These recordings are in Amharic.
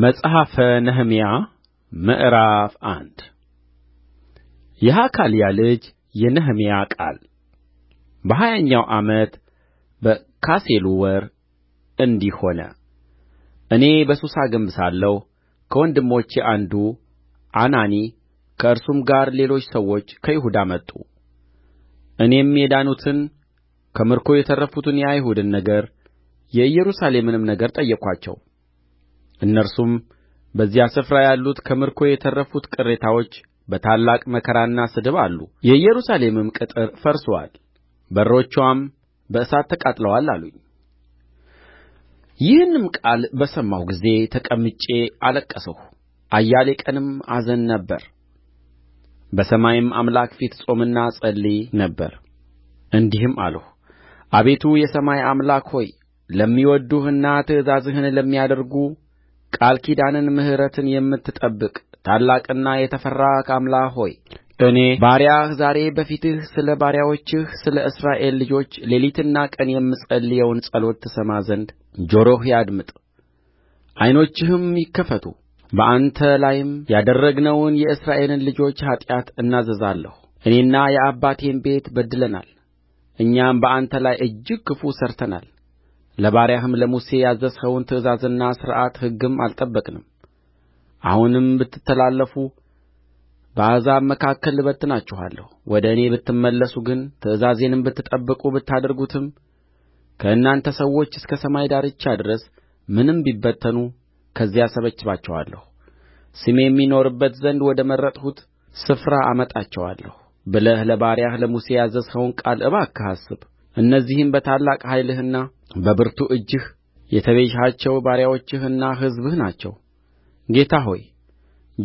መጽሐፈ ነህምያ ምዕራፍ አንድ የሐካልያ ልጅ የነህምያ ቃል። በሀያኛው ዓመት በካሴሉ ወር እንዲህ ሆነ። እኔ በሱሳ ግንብ ሳለሁ ከወንድሞቼ አንዱ አናኒ ከእርሱም ጋር ሌሎች ሰዎች ከይሁዳ መጡ። እኔም የዳኑትን ከምርኮ የተረፉትን የአይሁድን ነገር የኢየሩሳሌምንም ነገር ጠየቅኋቸው። እነርሱም በዚያ ስፍራ ያሉት ከምርኮ የተረፉት ቅሬታዎች በታላቅ መከራና ስድብ አሉ የኢየሩሳሌምም ቅጥር ፈርሶአል በሮችዋም በእሳት ተቃጥለዋል አሉኝ ይህንም ቃል በሰማሁ ጊዜ ተቀምጬ አለቀስሁ አያሌ ቀንም አዝን ነበር በሰማይም አምላክ ፊት እጾምና እጸልይ ነበር እንዲህም አልሁ አቤቱ የሰማይ አምላክ ሆይ ለሚወድዱህና ትእዛዝህን ለሚያደርጉ ቃል ኪዳንን ምሕረትን የምትጠብቅ ታላቅና የተፈራህ አምላክ ሆይ እኔ ባሪያህ ዛሬ በፊትህ ስለ ባሪያዎችህ ስለ እስራኤል ልጆች ሌሊትና ቀን የምጸልየውን ጸሎት ትሰማ ዘንድ ጆሮህ ያድምጥ ዓይኖችህም ይከፈቱ በአንተ ላይም ያደረግነውን የእስራኤልን ልጆች ኃጢአት እናዘዛለሁ እኔና የአባቴም ቤት በድለናል እኛም በአንተ ላይ እጅግ ክፉ ሠርተናል ለባሪያህም ለሙሴ ያዘዝኸውን ትእዛዝና ሥርዓት ሕግም አልጠበቅንም አሁንም ብትተላለፉ በአሕዛብ መካከል እበትናችኋለሁ ወደ እኔ ብትመለሱ ግን ትእዛዜንም ብትጠብቁ ብታደርጉትም ከእናንተ ሰዎች እስከ ሰማይ ዳርቻ ድረስ ምንም ቢበተኑ ከዚያ እሰበስባቸዋለሁ ስሜም ይኖርበት ዘንድ ወደ መረጥሁት ስፍራ አመጣቸዋለሁ ብለህ ለባሪያህ ለሙሴ ያዘዝኸውን ቃል እባክህ አስብ እነዚህም በታላቅ ኃይልህና በብርቱ እጅህ የተቤዠሃቸው ባሪያዎችህና ሕዝብህ ናቸው ጌታ ሆይ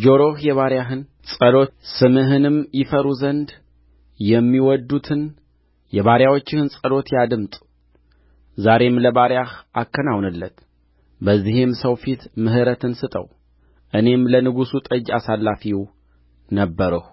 ጆሮህ የባሪያህን ጸሎት ስምህንም ይፈሩ ዘንድ የሚወድዱትን የባሪያዎችህን ጸሎት ያድምጥ ዛሬም ለባሪያህ አከናውንለት በዚህም ሰው ፊት ምሕረትን ስጠው እኔም ለንጉሡ ጠጅ አሳላፊው ነበርሁ